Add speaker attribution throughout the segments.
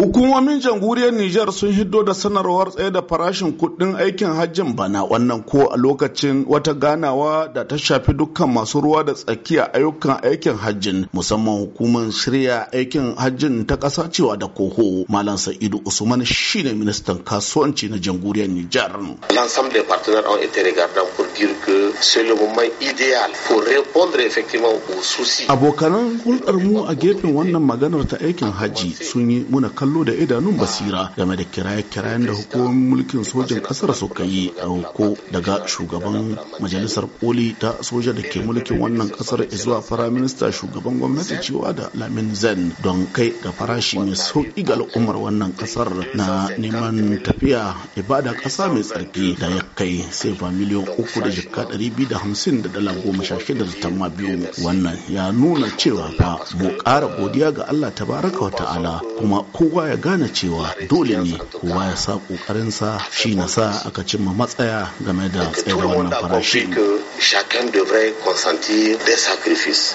Speaker 1: Hukumomin jamhuriyar Nijar sun hiddo da sanarwar tsaye da farashin kuɗin aikin hajjin bana wannan ko a lokacin wata ganawa da ta shafi dukkan masu ruwa da tsakiya ayyukan aikin hajjin musamman hukumar shirya aikin hajjin ta ƙasa cewa da koho Malam Sa'idu Usman shine ministan kasuwanci na jamhuriyar Nijar. L'ensemble des partenaires ont été regardants pour dire que c'est le moment idéal pour répondre effectivement aux soucis. Abokanan hulɗar mu a gefen wannan maganar ta aikin hajji sun yi muna kallon kallo da idanun basira game da kiraye-kirayen da hukumomin mulkin sojan kasar suka yi dauko daga shugaban majalisar koli ta soja da ke mulkin wannan kasar zuwa firaminista shugaban gwamnati cewa da lamin zen don kai ga farashi mai sauƙi ga al'ummar wannan kasar na neman tafiya ibada ƙasa mai tsarki da ya kai sai ba miliyan uku da jika ɗari biyu da hamsin da dala goma sha shida da tamma biyu wannan ya nuna cewa ba mu ƙara godiya ga Allah tabaraka wa ta'ala kuma kowa kowa ya gane cewa dole ne kowa ya sa sa shi na sa aka cimma matsaya game da tsaye wannan farashi.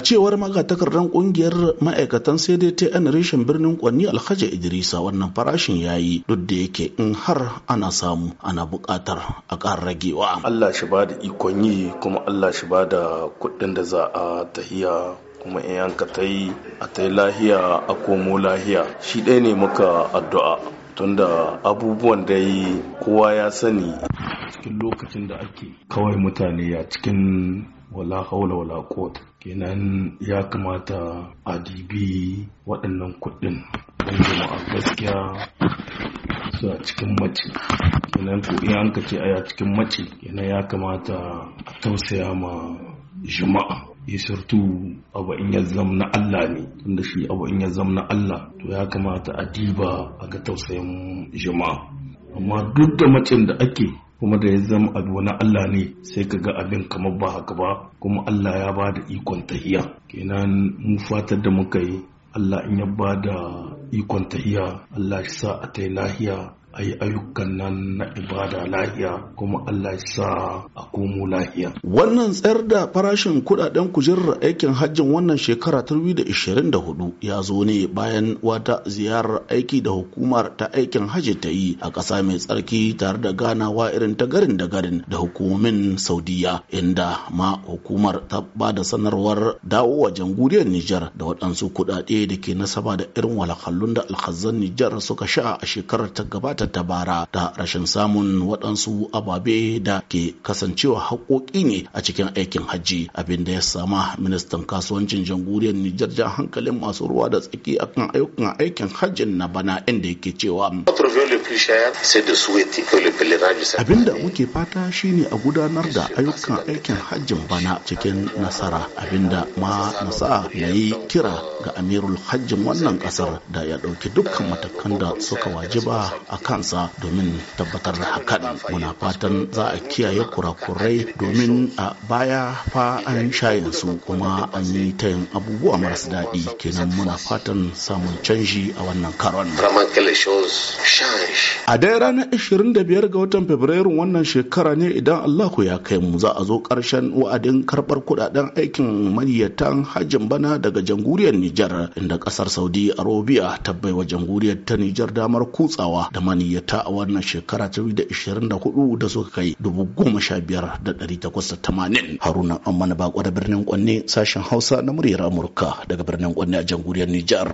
Speaker 1: Cewar magatakardar ƙungiyar ma'aikatan CDTN reshen birnin Kwanni Alhaji Idrisa wannan farashin ya yi duk da yake in har ana samu ana buƙatar a
Speaker 2: ƙara ragewa. Allah shi ba da ikon yi kuma Allah shi ba da kuɗin da za a tahiya kuma in an ta yi a ta yi lahiya a komo lahiya shi ɗaya ne muka addu'a tunda abubuwan da yi kowa ya sani cikin lokacin da ake kawai mutane a cikin wala haula wala quwwata kenan ya kamata a dibi waɗannan kuɗin don jama'a gaskiya su a cikin mace kenan ko in an ka ce a cikin mace kenan ya kamata a tausaya ma juma'a ya sartu abu in ya na Allah ne tunda shi abu in ya zama na Allah to ya kamata a diba a ga tausayin juma'a amma duk da macin da ake kuma da ya zama abu na Allah ne sai ka ga abin kamar ba haka ba kuma Allah ya ba da ikon tahiya kenan mu fatar da muka yi Allah in ya ba da ikon tahiya Allah shi sa a ta lahiya a yi ayyukan nan na ibada lahiya kuma Allah ya sa a komo lahiya.
Speaker 1: Wannan tsayar da farashin kudaden kujerar aikin hajjin wannan shekara ta 2024 ya zo ne bayan wata ziyarar aiki da hukumar ta aikin hajji ta yi a ƙasa mai tsarki tare da ganawa irin ta garin da garin da hukumomin Saudiya inda ma hukumar ta ba da sanarwar dawo dawowa jamhuriyar Nijar da waɗansu kudade da ke nasaba da irin walakallun da alhazan Nijar suka sha a shekarar ta gabata shekarar ta ta rashin samun waɗansu ababe da ke kasancewa haƙoƙi ne a cikin aikin hajji abin da ya sama ministan kasuwancin jamhuriyar Nijar jan hankalin masu ruwa da tsaki akan ayyukan aikin hajjin na bana inda yake cewa abin da muke fata shine a gudanar da ayyukan aikin hajjin bana cikin nasara abinda ma nasa na yi kira ga amirul hajjin wannan ƙasar, da ya ɗauki dukkan matakan da suka wajiba kan. kansa domin tabbatar da hakan muna fatan za a kiyaye kurakurai domin a baya fa an shayin su kuma an yi tayin abubuwa marasa daɗi kenan muna fatan samun canji a wannan karon a dai ranar 25 ga watan fabrairun wannan shekara ne idan allahu ya kai mu za a zo karshen wa'adin karɓar kudaden aikin maniyyatan hajjin bana daga jamhuriyar nijar inda ƙasar saudi arabia ta baiwa jamhuriyar ta nijar damar kutsawa da maniyyata a wannan shekara ta 2024 da suka kai dubu goma sha biyar da ɗari takwas da tamanin haruna amman bako da birnin kwanne sashen hausa na muryar amurka daga birnin kwanne a jamhuriyar nijar